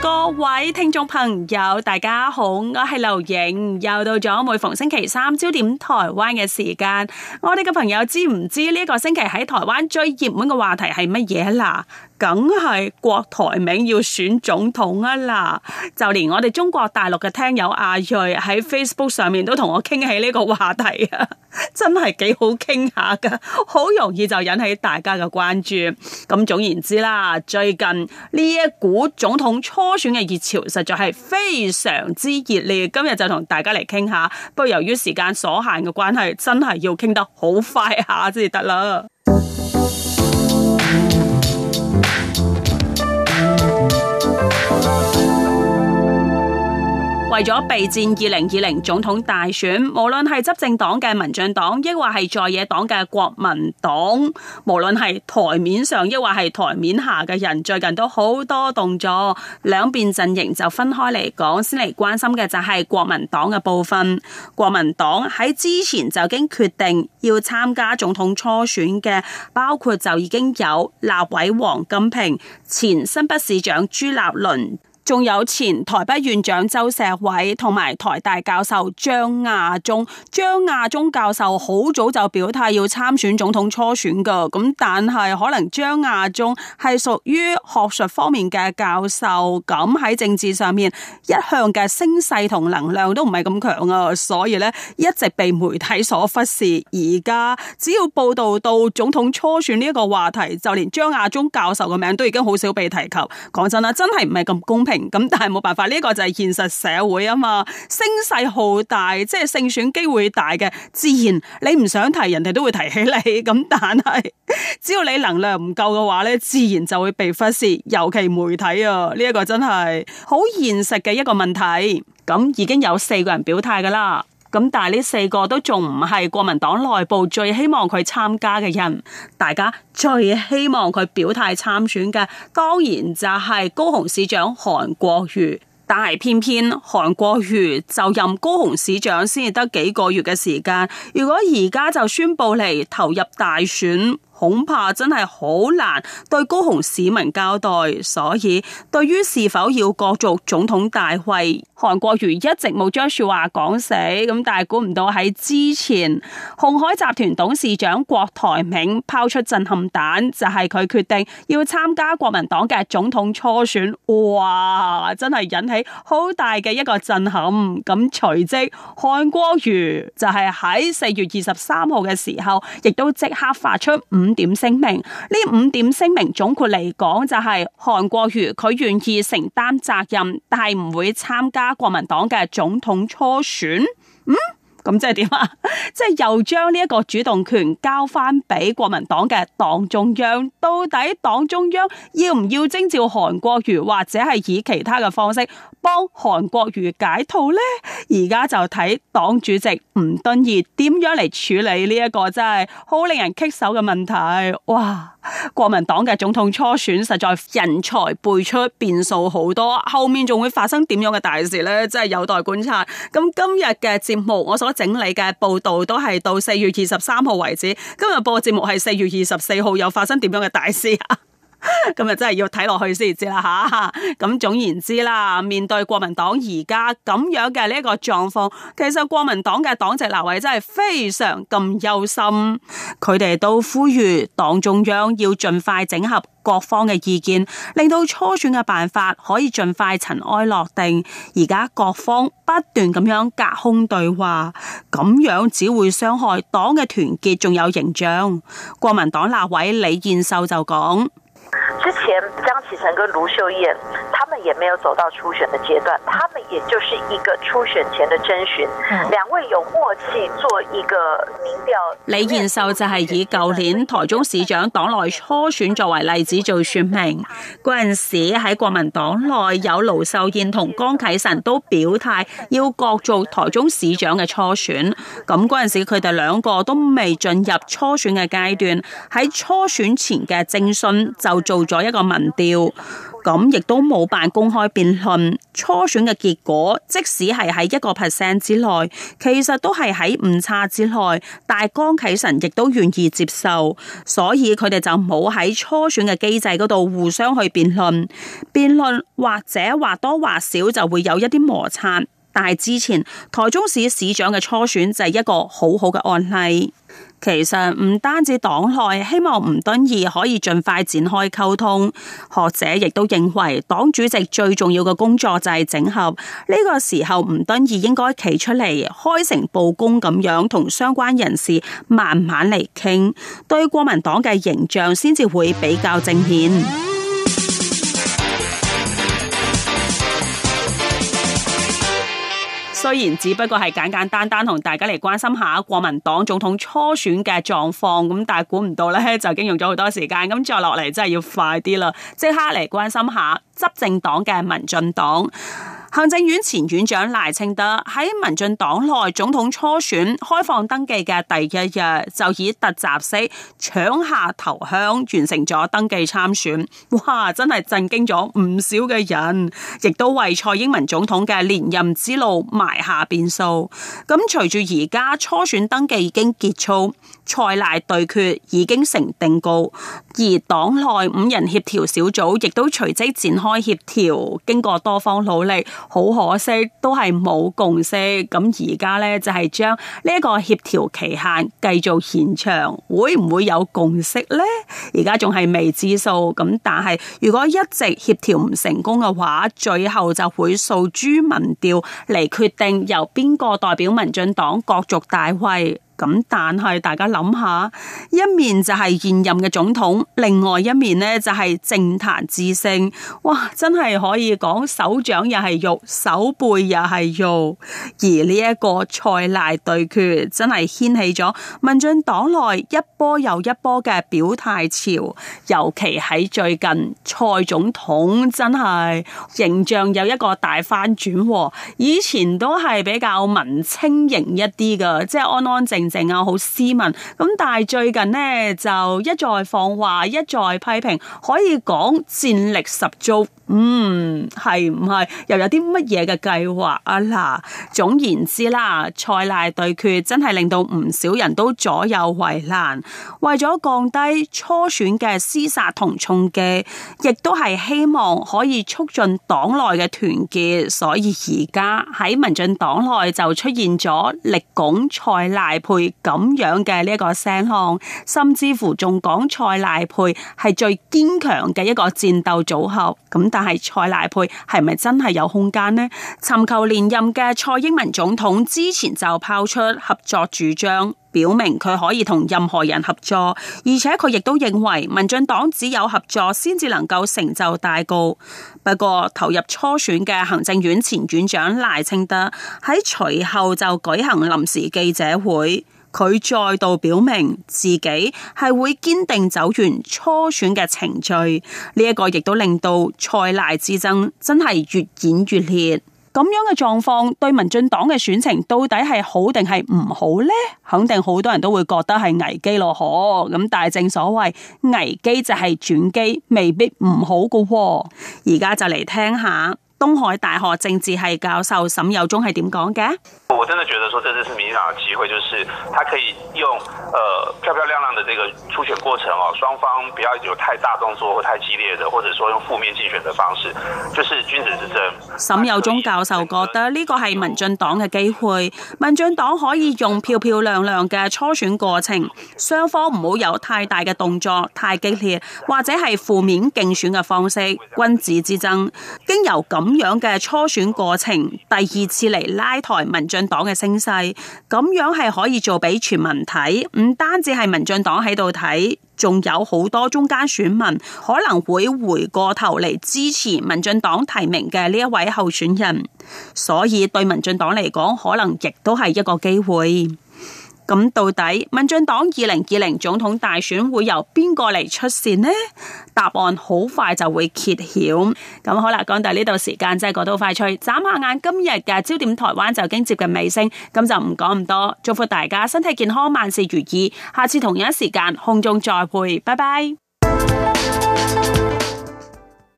各位聽眾朋友，大家好，我係劉瑩，又到咗每逢星期三焦點台灣嘅時間。我哋嘅朋友知唔知呢個星期喺台灣最熱門嘅話題係乜嘢啦？梗係國台名要選總統啊啦！就連我哋中國大陸嘅聽友阿瑞喺 Facebook 上面都同我傾起呢個話題啊，真係幾好傾下噶，好容易就引起大家嘅關注。咁總言之啦，最近呢一股總統初選嘅熱潮，實在係非常之熱烈。今日就同大家嚟傾下，不過由於時間所限嘅關係，真係要傾得好快下先得啦。為咗備戰二零二零總統大選，無論係執政黨嘅民進黨，抑或係在野黨嘅國民黨，無論係台面上，抑或係台面下嘅人，最近都好多動作。兩邊陣營就分開嚟講，先嚟關心嘅就係國民黨嘅部分。國民黨喺之前就已經決定要參加總統初選嘅，包括就已經有立委王金平、前新北市長朱立倫。仲有前台北院長周錫瑋、同埋台大教授張亞中，張亞中教授好早就表態要參選總統初選噶，咁但係可能張亞中係屬於學術方面嘅教授，咁喺政治上面一向嘅聲勢同能量都唔係咁強啊，所以咧一直被媒體所忽視。而家只要報道到總統初選呢一個話題，就連張亞中教授嘅名都已經好少被提及。講真啦，真係唔係咁公平。咁但係冇辦法，呢個就係現實社會啊嘛，聲勢浩大，即係勝選機會大嘅，自然你唔想提，人哋都會提起你。咁但係，只要你能量唔夠嘅話咧，自然就會被忽視，尤其媒體啊，呢一個真係好現實嘅一個問題。咁已經有四個人表態噶啦。咁但係呢四個都仲唔係國民黨內部最希望佢參加嘅人，大家最希望佢表態參選嘅，當然就係高雄市長韓國瑜。但係偏偏韓國瑜就任高雄市長先至得幾個月嘅時間，如果而家就宣布嚟投入大選。恐怕真係好難對高雄市民交代，所以對於是否要角逐總統大位，韓國瑜一直冇將說話講死。咁但係估唔到喺之前，鴻海集團董事長郭台銘拋出震撼彈，就係、是、佢決定要參加國民黨嘅總統初選。哇！真係引起好大嘅一個震撼。咁隨即韓國瑜就係喺四月二十三號嘅時候，亦都即刻發出五。點聲明，呢五點聲明總括嚟講就係韓國瑜佢願意承擔責任，但係唔會參加國民黨嘅總統初選。嗯。咁即係點啊？即係又將呢一個主動權交翻俾國民黨嘅黨中央，到底黨中央要唔要徵召韓國瑜，或者係以其他嘅方式幫韓國瑜解套呢？而家就睇黨主席吳敦義點樣嚟處理呢一個真係好令人棘手嘅問題。哇！國民黨嘅總統初選實在人才輩出，變數好多，後面仲會發生點樣嘅大事呢？真係有待觀察。咁今日嘅節目，我所。整理嘅報道都係到四月二十三號為止，今日播節目係四月二十四號，又發生點樣嘅大事啊？咁啊， 真係要睇落去先知啦吓。咁總言之啦，面對國民黨而家咁樣嘅呢一個狀況，其實國民黨嘅黨籍立委真係非常咁憂心。佢哋 都呼籲黨中央要盡快整合各方嘅意見，令到初選嘅辦法可以盡快塵埃落定。而家各方不斷咁樣隔空對話，咁樣只會傷害黨嘅團結，仲有形象。國民黨立委李建秀就講。之前江啟臣跟盧秀燕，他們也沒有走到初選的階段，他們也就是一個初選前的徵詢，兩位有默契做一個民調，李彥秀就係以舊年台中市長黨內初選作為例子做說明，陣時喺國民黨內有盧秀燕同江啟臣都表態要各做台中市長嘅初選，咁陣時佢哋兩個都未進入初選嘅階段，喺初選前嘅徵詢就做咗一個民調，咁亦都冇辦公開辯論初選嘅結果，即使係喺一個 percent 之內，其實都係喺誤差之內，但係江啟臣亦都願意接受，所以佢哋就冇喺初選嘅機制嗰度互相去辯論，辯論或者或多或少就會有一啲摩擦，但係之前台中市市長嘅初選就係一個好好嘅案例。其實唔單止黨內，希望吳敦義可以盡快展開溝通。學者亦都認為，黨主席最重要嘅工作就係整合。呢、這個時候，吳敦義應該企出嚟，開誠布公咁樣同相關人士慢慢嚟傾，對國民黨嘅形象先至會比較正面。雖然只不過係簡簡單單同大家嚟關心下國民黨總統初選嘅狀況，咁但係估唔到呢，就已經用咗好多時間。咁再落嚟真係要快啲啦，即刻嚟關心下執政黨嘅民進黨。行政院前院長賴清德喺民進黨內總統初選開放登記嘅第一日，就以突襲式搶下頭香，完成咗登記參選。哇！真係震驚咗唔少嘅人，亦都為蔡英文總統嘅連任之路埋下變數。咁隨住而家初選登記已經結束，蔡賴對決已經成定局。而黨內五人協調小組亦都隨即展開協調，經過多方努力，好可惜都係冇共識。咁而家咧，就係將呢一個協調期限繼續延長，會唔會有共識呢？而家仲係未知數。咁但係如果一直協調唔成功嘅話，最後就會訴諸民調嚟決定由邊個代表民進黨角逐大位。咁但係大家諗下，一面就係現任嘅總統，另外一面咧就係政壇之聲，哇，真係可以講手掌又係肉，手背又係肉。而呢一個蔡賴對決，真係掀起咗民進黨內一波又一波嘅表態潮。尤其喺最近，蔡總統真係形象有一個大翻轉，以前都係比較文青型一啲嘅，即係安安靜靜。成日，好斯文咁，但係最近呢，就一再放話，一再批評，可以講戰力十足。嗯，係唔係又有啲乜嘢嘅計劃啊嗱？總言之啦，蔡賴對決真係令到唔少人都左右為難。為咗降低初選嘅廝殺同衝擊，亦都係希望可以促進黨內嘅團結。所以而家喺民進黨內就出現咗力拱蔡賴配咁樣嘅呢個聲浪，甚至乎仲講蔡賴配係最堅強嘅一個戰鬥組合。咁但但係蔡賴配係咪真係有空間呢？尋求連任嘅蔡英文總統之前就拋出合作主張，表明佢可以同任何人合作，而且佢亦都認為民進黨只有合作先至能夠成就大告。不過，投入初選嘅行政院前院長賴清德喺隨後就舉行臨時記者會。佢再度表明自己係會堅定走完初選嘅程序，呢一個亦都令到蔡賴之爭真係越演越烈。咁樣嘅狀況對民進黨嘅選情到底係好定係唔好咧？肯定好多人都會覺得係危機咯，嗬。咁但係正所謂危機就係轉機，未必唔好噶。而家就嚟聽下。東海大學政治系教授沈有忠係點講嘅？我真的覺得說，這次是民進黨嘅機會，就是他可以用，呃，漂漂亮亮的這個初選過程哦，雙方不要有太大動作或太激烈的，或者說用負面競選的方式，就是君子之爭。沈有忠教授覺得呢個係民進黨嘅機會，民進黨可以用漂漂亮亮嘅初選過程，雙方唔好有太大嘅動作、太激烈或者係負面競選嘅方式，君子之爭。經由咁。咁樣嘅初選過程，第二次嚟拉抬民進黨嘅聲勢，咁樣係可以做俾全民睇，唔單止係民進黨喺度睇，仲有好多中間選民可能會回過頭嚟支持民進黨提名嘅呢一位候選人，所以對民進黨嚟講，可能亦都係一個機會。咁到底民進黨二零二零總統大選會由邊個嚟出線呢？答案好快就會揭曉。咁好啦，講到呢度時間真係過到快脆，眨下眼今日嘅焦點台灣就已經接近尾聲。咁就唔講咁多，祝福大家身體健康，萬事如意。下次同樣時間空中再會，拜拜。